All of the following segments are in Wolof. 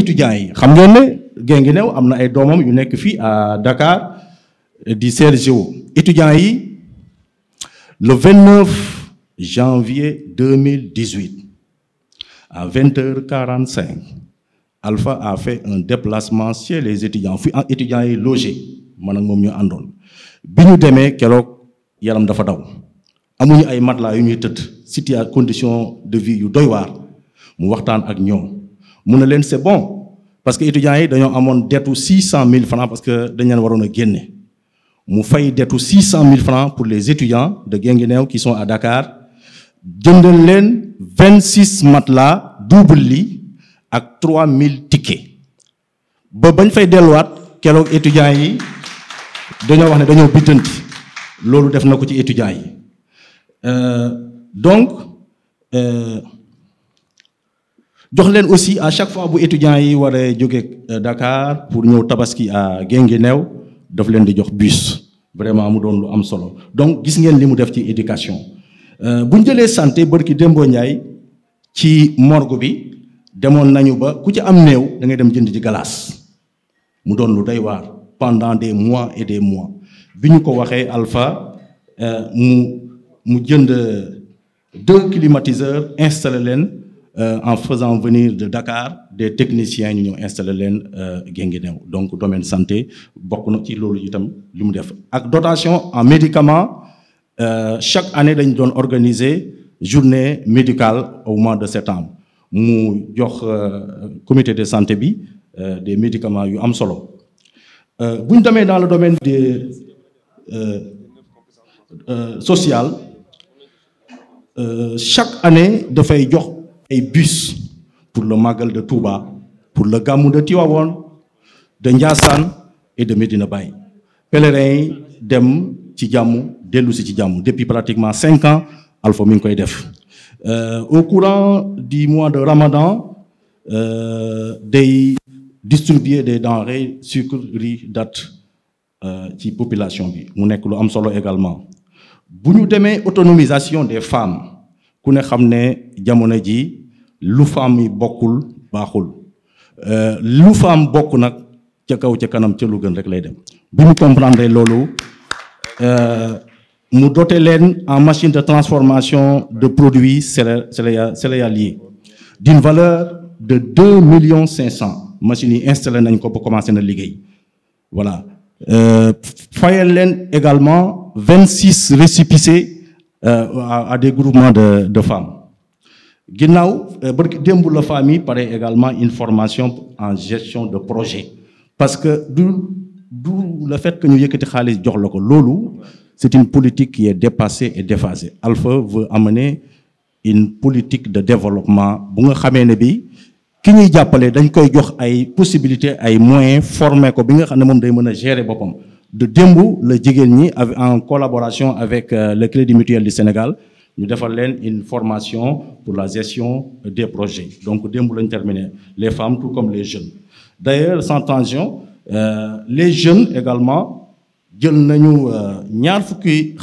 étudiants yi xam ngeen ne Guinguinéo am na ay doomam yu nekk fii à Dakar di CLGO étudiants le 29 janvier 2018 à 20h45 Alpha a fait un déplacement chez les étudiants Fui, en étudiants yi logé man ak mom ñu àndoon bi ñu demee keroog yaram dafa daw amuñu ay matelas yu ñuy teut situation condition de vie yu doy war mu waxtaan ak ñoom c'est bon parce que étudiants une dette amone 600 000 francs parce que dañ len warona guenné mu fay 600 600000 francs pour les étudiants de Guenguenew qui sont à Dakar jëndal len 26 matelas double lit 3 3000 tickets ba bañ fay fait kélok étudiants yi étudiants wax né dañu bitanti lolu def nako ci étudiants euh, donc euh, jox aussi à chaque fois bu étudiants yi war a euh, Dakar pour ñëw tabaski à Guinguinéo daf leen di jox bus vraiment mu doon lu am solo donc gis ngeen li mu def ci éducation euh, bu ñu jëlee santé bërki Dembo Ndiaye ci morgue bi demoon nañu ba ku ci am néew da ngay dem jënd ci glace mu doon lu doy waar pendant des mois et des mois bi ñu ko waxee Alpha euh, mu mu jënd deux climatiseurs installé leen. Euh, en faisant venir de Dakar des techniciens qui ont installé dans le donc domaine santé beaucoup santé dotation en médicaments euh, chaque année nous organise une journée médicale au mois de septembre avons le euh, comité de santé des médicaments dans le domaine social chaque année de jox et bus pour le Magal de Touba, pour le Gamou de Tiwawon, de Ndiassan et de Medina Bay. Pèlerins dem ci jamu depuis pratiquement cinq ans alpha mi koy euh, au courant du mois de Ramadan euh, day distribuer des denrées sucre riz date euh, ci population bi Mon également Pour nous autonomisation des femmes ku Diamonedi, lu faam yi bokkul baaxul euh, lu faam bokk nak ca kaw ca kanam ca lu gën rek lay dem bi comprendre loolu euh, mu doté len en machine de transformation de produits céréaliers d'une valeur de 2 millions 500. Machine machines installé nañ ko pour commencer na voilà euh, fayal len également 26 récipices à des groupements de femmes ginnaaw euh, dembou la famille paraît également une formation en gestion de projet parce que du le fait que ñu yëkkati xaalis jox la c'est une politique qui est dépassée et déphasée Alpha veut amener une politique de développement bu nga xamee ne bi ki ñuy jàppale dañ koy jox ay possibilités ay moyens former ko bi nga ne day gérer boppam de dembou le en collaboration avec euh, le Crédit Mutuel du Sénégal nous devons une formation pour la gestion des projets donc nous les femmes tout comme les jeunes d'ailleurs sans tension euh, les jeunes également nous nañu euh, ñaar fukki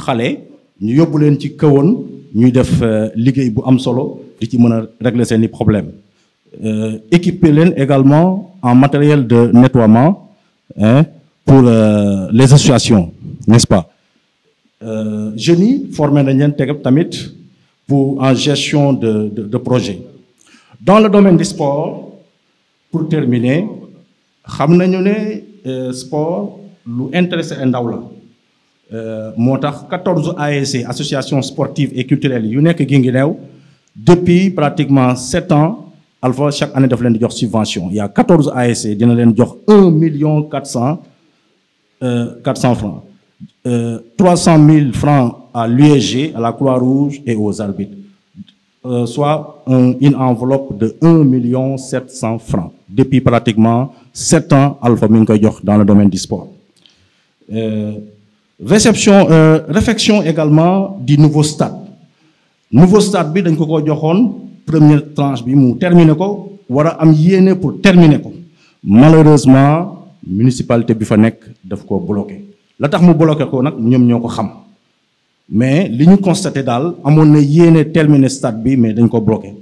également en matériel de nettoiement hein, pour euh, les associations n'est-ce pas euh, génie formé dans un tamit pour en gestion de, de, projet. Dans le domaine du sport, pour terminer, nous avons le sport qui intéresse un Ndawla. Euh, 14 AEC, associations sportives et culturelles, qui depuis pratiquement 7 ans, Alpha, chaque année, il y a subvention. Il y a 14 AEC, il y a 1 400 e, euh, 400 francs. 300 euh, 000 francs à l'UEG, à la Croix-Rouge et aux arbitres, euh, soit une enveloppe de 1 million 700 francs depuis pratiquement 7 ans Alpha Minka dans le domaine du sport. Euh, réception, réflexion également du nouveau stade. Nouveau stade bi première tranche bi mou terminer ko wara pour terminer ko. Malheureusement municipalité bifanek fa nek ko la tax mu bloqué ko nak ñom ñoko xam mais liñu constater dal daal amoon na yéene terminer stade bi mais dañ ko bloqué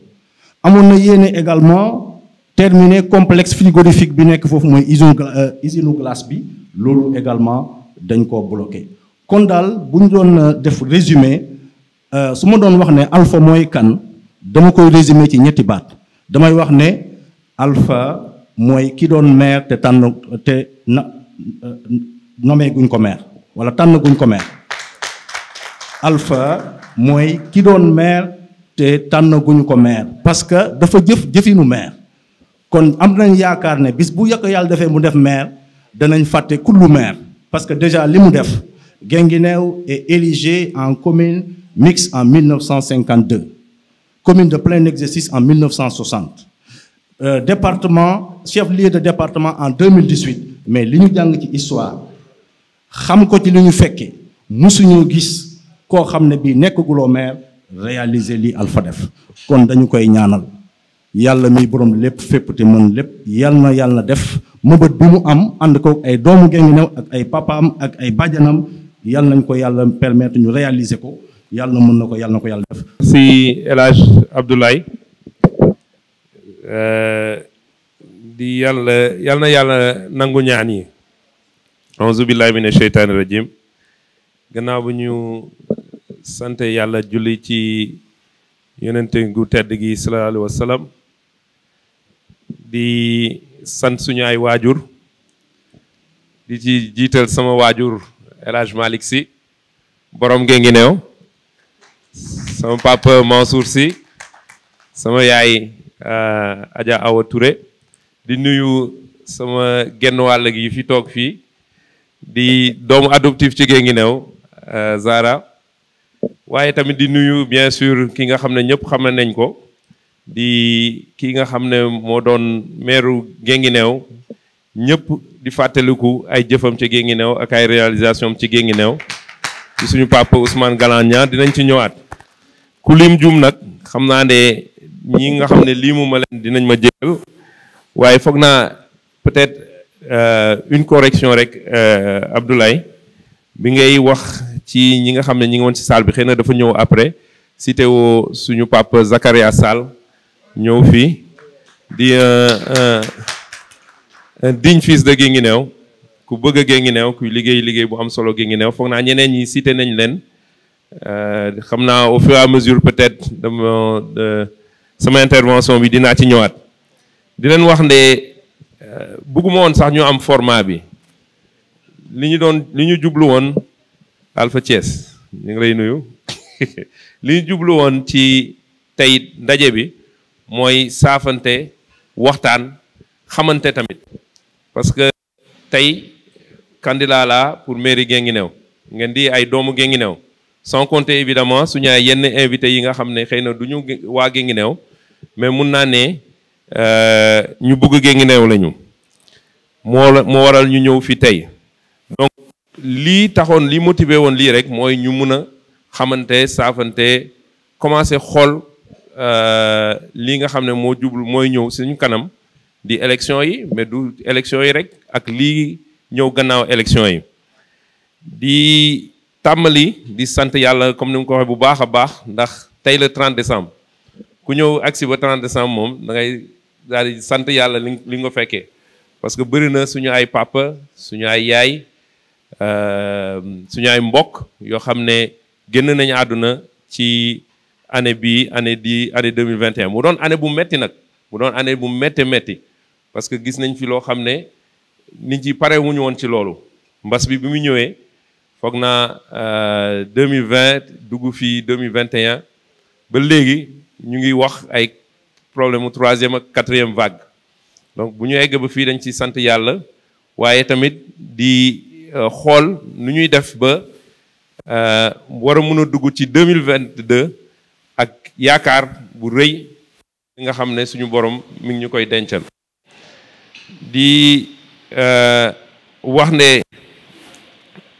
amoon na yéene également terminer complexe frigorifique bi nek fofu moy usine euh, usine glace bi lolu également dañ ko bloqué kon dal buñ doon euh, def résumé euh suma doon wax né Alpha moy kan dama koy résumé ci ñetti baat damay wax né Alpha moy ki doon maire te tànn te euh, nommé guñ ko maire wala guñ maire Alpha moi, qui donne maire de que guñ ko maire parce que dafa jëf jëfinu maire Quand am nañ un ne bis bu yàq yàlla defee mu def maire danañ fàtte kullu maire parce que déjà les mu est éligé en commune mixte en 1952 commune de plein exercice en 1960 euh, département chef-lieu de département en 2018 mais l'unique xam ko ci li ñu fekke musuñoo gis koo xam ne bii nekkaguloo maire réaliser lii Alpha def kon dañu koy ñaanal yàlla miy borom lépp fépp te mën lépp yàlla na yàlla def mëbët bi mu am ànd ko ay doomu Guinguinéo ak ay papaam ak ay bàjjanam yàlla nañ ko yàlla permettre ñu réaliser ko yàlla na mën na ko yàlla na ko yàlla def. si El Hadj Abdoulaye euh, di yàlla yàlla na yàlla nangu ñaan yi. auzu billahi mina sheytaani rajim gannaaw bu ñu sante yàlla julli ci yonente tedd gi sallallahu alayhi salaam di sant suñu ay waajur di ci jiital sama waajur El Hadj Malick Sy borom ngi neew sama papa Mansour si sama yaay euh, Adja a Touré di nuyu sama genn wàll gi fi toog fii di doomu adoptif ci Guinguinéo euh, Zara waaye tamit di nuyu bien sur ki nga xam ne ñëpp xam ne nañ ko di ki nga xam ne moo doon meeru Guinguinéo ñëpp di fàttaliku ay jëfam ci Guinguinéo ak ay réalisation ci Guinguinéo ci suñu papa Ousmane Galagna dinañ ci ñëwaat ku lim jum nag xam naa ne ñi nga xam ne lii mu leen dinañ ma jégal waaye foog naa peut Euh, une correction rek euh, Abdoulaye bi ngay wax ci ñi nga xam ne ñi ngi woon ci salle bi xëy na dafa ñëw après cité woo suñu papa Zakaria Sall ñëw fii di euh, un digne fils de Guinguinéo ku bëgg a Guinguinéo ku liggéey liggéey bu am solo Guinguinéo foog naa ñeneen ñi cité nañ leen xam naa au fur à mesure peut-être dama sama intervention bi dinaa ci ñëwaat di leen wax ne bugguma woon sax ñu am format bi li ñu doon li ñu jublu woon Alpha Thiès ñu ngi lay nuyu li ñu jublu woon ci tey ndaje bi mooy saafante waxtaan xamante tamit parce que tey candidat la pour mairie Guinguinéo ngeen di ay doomu Guinguinéo sans compter évidemment suñu ay yenn invité yi nga xam ne xëy na du ñu waa Guinguinéo mais mun naa ne euh, ñu bugg Guinguinéo la ñu moo waral ñu ñëw fi tey donc lii taxoon li motivé woon lii rek mooy ñu mun a xamante saafante commencé xool euh, li nga xam ne moo jublu mooy ñëw suñu kanam di élection yi mais du élection yi rek ak lii ñëw gannaaw élection yi di tàmmali di sant yàlla comme ni mu ko waxee bu baax a baax ndax tey le 30 décembre ku ñëw agsi ba 30 décembre moom da ngay daal di sant yàlla li li nga fekkee parce que bëri na suñu ay papa suñu ay yaay euh, suñu ay mbokk yoo xam ne génn nañu àdduna ci année bi année di année 2021 mu doon année bu metti nag mu doon année bu métte métti parce que gis nañ fi loo xam ne nit ñi pare wuñu woon ci loolu mbas bi bi mu ñëwee foog naa 2020 euh, dugg fii 2021 ba léegi ñu ngi wax ay problème mu troisième ak quatrième vague donc bu ñu egg ba fii dañ ci sant yàlla waaye tamit di euh, xool nu ñuy def ba euh, war a mun a dugg ci 2022 ak yaakaar bu rëy li nga xam ne suñu borom mi ngi ñu koy dencal di euh, wax ne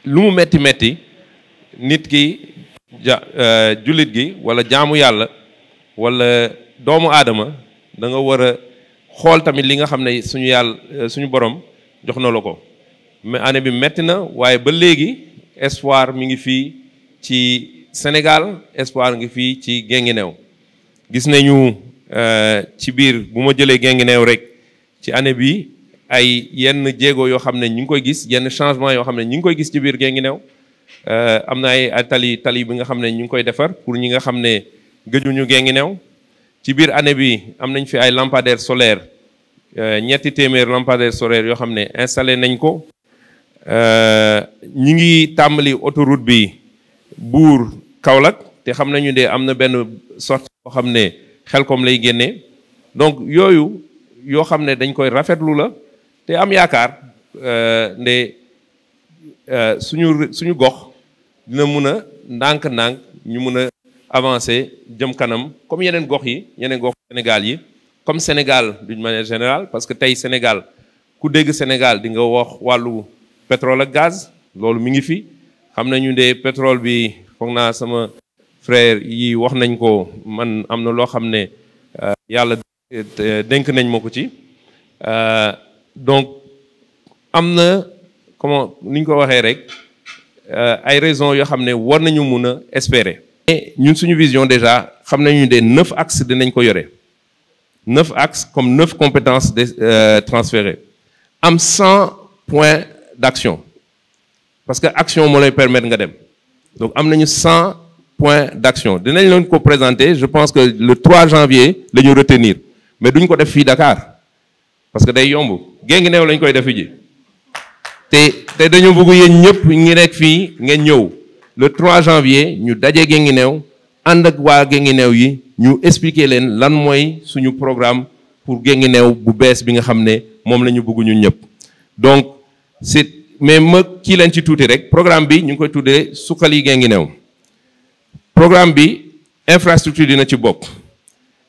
lu mu metti metti nit ki ja jullit gi wala jaamu yàlla walla doomu aadama da nga xool tamit li nga xam ne suñu yàlla suñu borom jox na la ko mais année bi metti na waaye ba léegi espoir mi ngi fii ci Sénégal espoir ngi fii ci new gis nañu euh, ci biir bu ma jëlee Guinguinéo rek ci année bi ay yenn jéego yoo xam ne ñu ngi koy gis yenn changement yoo xam ne ñu ngi koy gis ci biir Guinguinéo euh, am na ay tali tali bi nga xam ne ñu ngi koy defar pour ñi nga xam ne géjuñu gëjuñu new ci biir année bi am nañ fi ay lampadaires solaires euh, ñetti téeméer lampadaires solaires yoo xam ne installé nañ ko euh, ñi ngi tàmbali autoroute bi buur Kaolack te xam nañu de am na benn sortie boo xam ne xel Xelkom lay génne donc yooyu yoo xam ne dañ koy rafetlu la te am yaakaar euh, nde suñu suñu gox dina mun a ndànk ñu mun avancé jëm kanam comme yeneen gox yi yeneen gox Sénégal yi comme Sénégal d'une manière générale parce que tey Sénégal ku dégg Sénégal di nga wax wàllu pétrole ak gaz loolu mi ngi fi xam nañu ne pétrole bi foog naa sama frère yi wax nañ ko man am na loo xam ne euh, yàlla dénk nañ ma ko ci euh, donc am na comment ni ñu ko waxee rek euh, ay raisons yoo xam ne war nañu mun a espérer et nous, une vision déjà, nous avons 9 neuf axes de yoré. Neuf axes comme 9 compétences de, euh, transférées. Am 100 points d'action. Parce que l'action, nous permet de dem. Donc, am 100 points d'action. De Nenkoyore présenter, je pense que le 3 janvier, le nous retenir. Mais nous allons des filles Dakar. Parce que des yombo. Gengine, on a des filles. Et nous avons des filles, nous allons des filles, le 3 janvier ñu daje Guinguinéo ànd ak waa Guinguinéo yi ñu expliquer leen lan mooy suñu programme pour Guinguinéo bu bees bi nga xam ne moom la ñun ñëpp donc c'est mais ma kii leen ci tuuti rek programme bi ñu ngi koy tuddee suqali Guinguinéo programme bi infrastructure dina ci bok,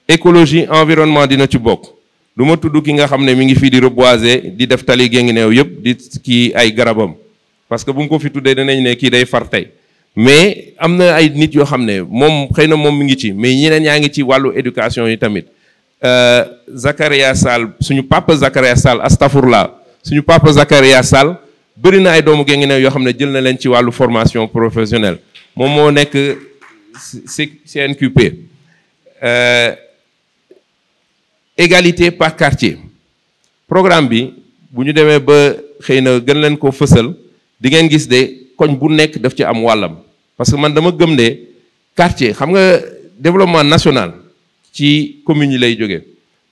écologie environnement dina ci bok. du ma tudd ki nga xam ne mi ngi fii di reboiser di def tali Guinguinéo yëpp di kii ay garabam parce que bu mu ko fi tuddee danañ ne kii day far tey mais am na ay nit yoo xam ne moom xëy na moom mu ngi ci mais ñeneen yaa ngi ci wàllu éducation yi tamit euh, Zakaria Sall suñu papa Zakaria Sall astafurla suñu papa Zakaria Sall bëri na ay doomu Guinguinéo yoo xam ne jël na leen ci wàllu formation professionnelle moom moo nekk CNQP euh, égalité par quartier programme bi bu ñu demee ba xëy na gën leen ko fësal di ngeen gis de koñ bu nekk daf ci am wàllam parce que man dama gëm né quartier xam nga développement national ci commune yi lay jógee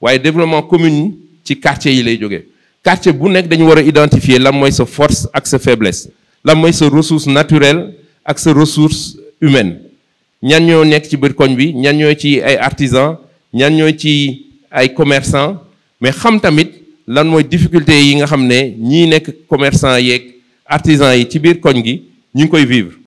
waye développement commune ci quartier yi lay jógee quartier bu nek dañu wara identifier lan moy sa force ak sa faiblesse lan moy sa ressource naturelle ak sa ressource humaine ñan ñoo nek ci bir koñ bi ñan ñoo ci ay artisans ñan ñoo ci ay commerçants mais xam tamit lan moy difficulté yi nga xamné ñi nek commerçants yeeg artisans yi ci bir koñ gi ñi ngi koy vivre